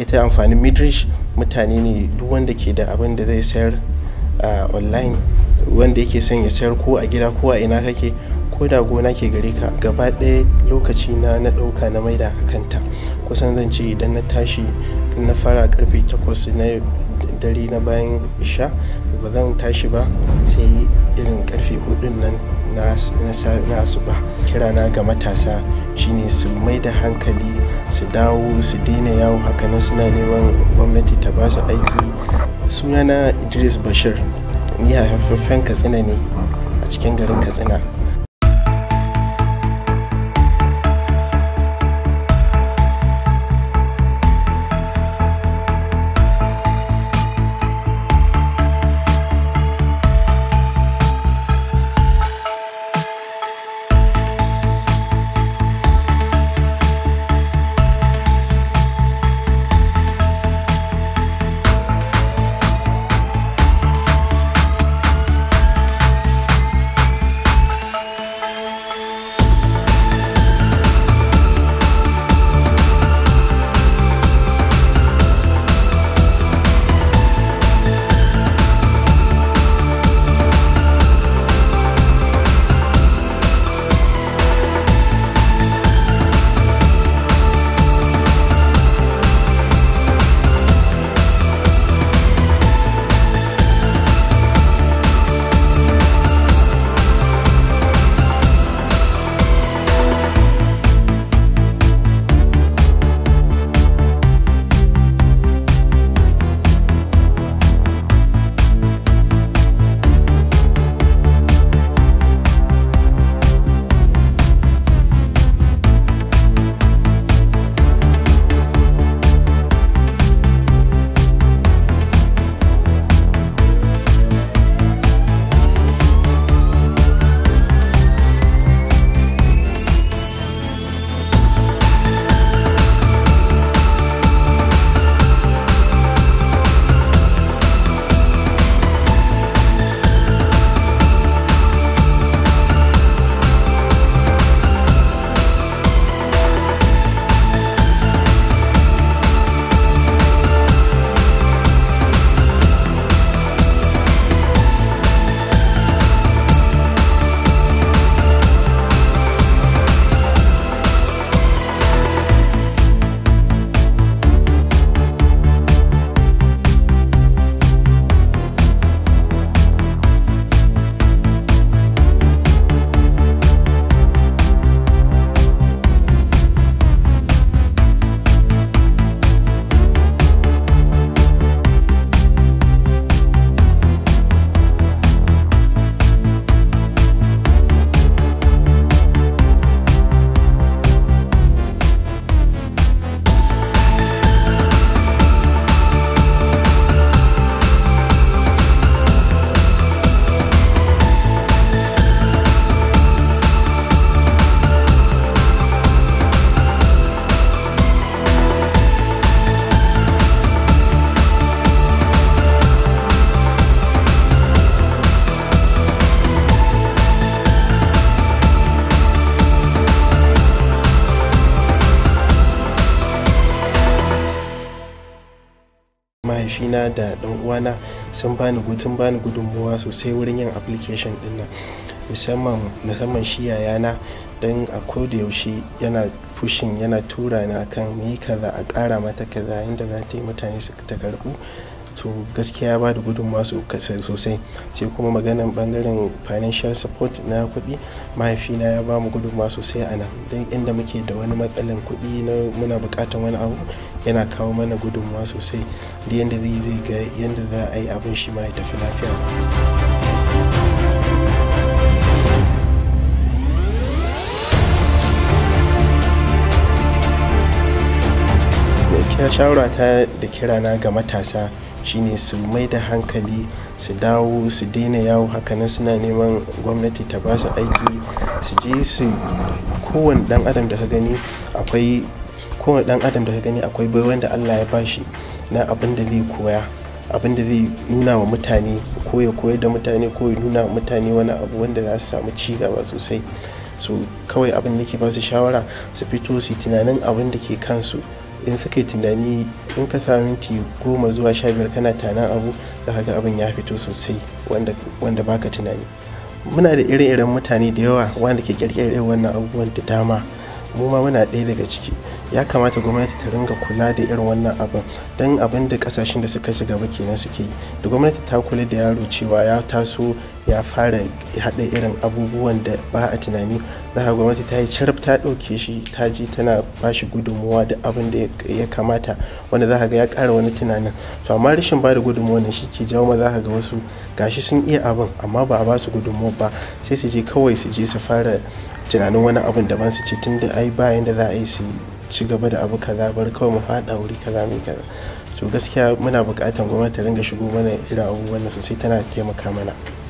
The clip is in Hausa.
ita amfanin midrish mutane ne duk wanda ke da abin da zai sayar a online wanda yake son ya sayar ko a gida ko a ina kake ko da gona ke gare ka gaba ɗaya lokaci na na ɗauka na maida a kanta kusan zan ce idan na tashi na fara karfe takwas na dare na bayan isha ba zan tashi ba sai irin karfe hudun nan na asuba kirana ga matasa shine su mai da hankali su dawo su daina yawo hakanan suna neman gwamnati ta ba su aiki sunana idris bashir ni haifafen katsina ne a cikin garin katsina mahaifina da dan uwana sun bani gutun bani gudunmuwa sosai wurin yin application din nan musamman musamman shi yayana dan a koda yaushe yana fushin yana tura na kan mu kaza a ƙara mata kaza inda za ta yi mutane su ta karbu to gaskiya ya bada masu sosai sai kuma maganan bangaren financial support na kuɗi mahaifina ya ba mu masu sosai a nan don inda muke da wani matsalan kuɗi na muna buƙatar wani abu yana kawo mana masu sosai da yadda zai zai ga yadda za a yi abin shi ma ya tafi lafiya shawara ta da kirana ga matasa shine su mai da hankali su dawo su daina yawo hakanan suna neman gwamnati ta ba su aiki su je su kowane dan adam da ka gani akwai kowane dan allah ya bashi na abin da zai koya abin da zai nuna wa mutane ko ya koyar da mutane ko ya nuna wa mutane wani abu wanda za su samu ci gaba sosai su kawai abin da ke ba su shawara su fito su tunanin abin da ke kansu in suka yi tunani in ka sami minti goma zuwa sha biyar kana tanan abu za ga abin ya fito sosai wanda baka tunani muna da irin-irin mutane da yawa wanda ke kirkirar wannan abubuwan da dama mu ma muna ɗaya daga ciki ya kamata gwamnati ta ringa kula da irin wannan abin don abin da kasashen da suka ci gaba kenan suke yi da gwamnati ta kula da yaro cewa ya taso ya fara haɗa irin abubuwan da ba a tunani za gwamnati ta yi cirif ta ɗauke shi ta je tana ba shi gudunmuwa da abin da ya kamata wanda za ga ya ƙara wani tunanin to amma rashin ba da gudunmuwa ne shi ke jawo ma za ga wasu gashi sun iya abin amma ba a ba su gudunmuwa ba sai su je kawai su je su fara tunanin wani abun daban su ce tun da ai bayan da za a yi su ci gaba da abu kaza bar kawai mu faɗa wuri kaza mai kaza to gaskiya muna bukatan gwamnati ta ringa shigo mana irin abubuwan sosai tana taimaka mana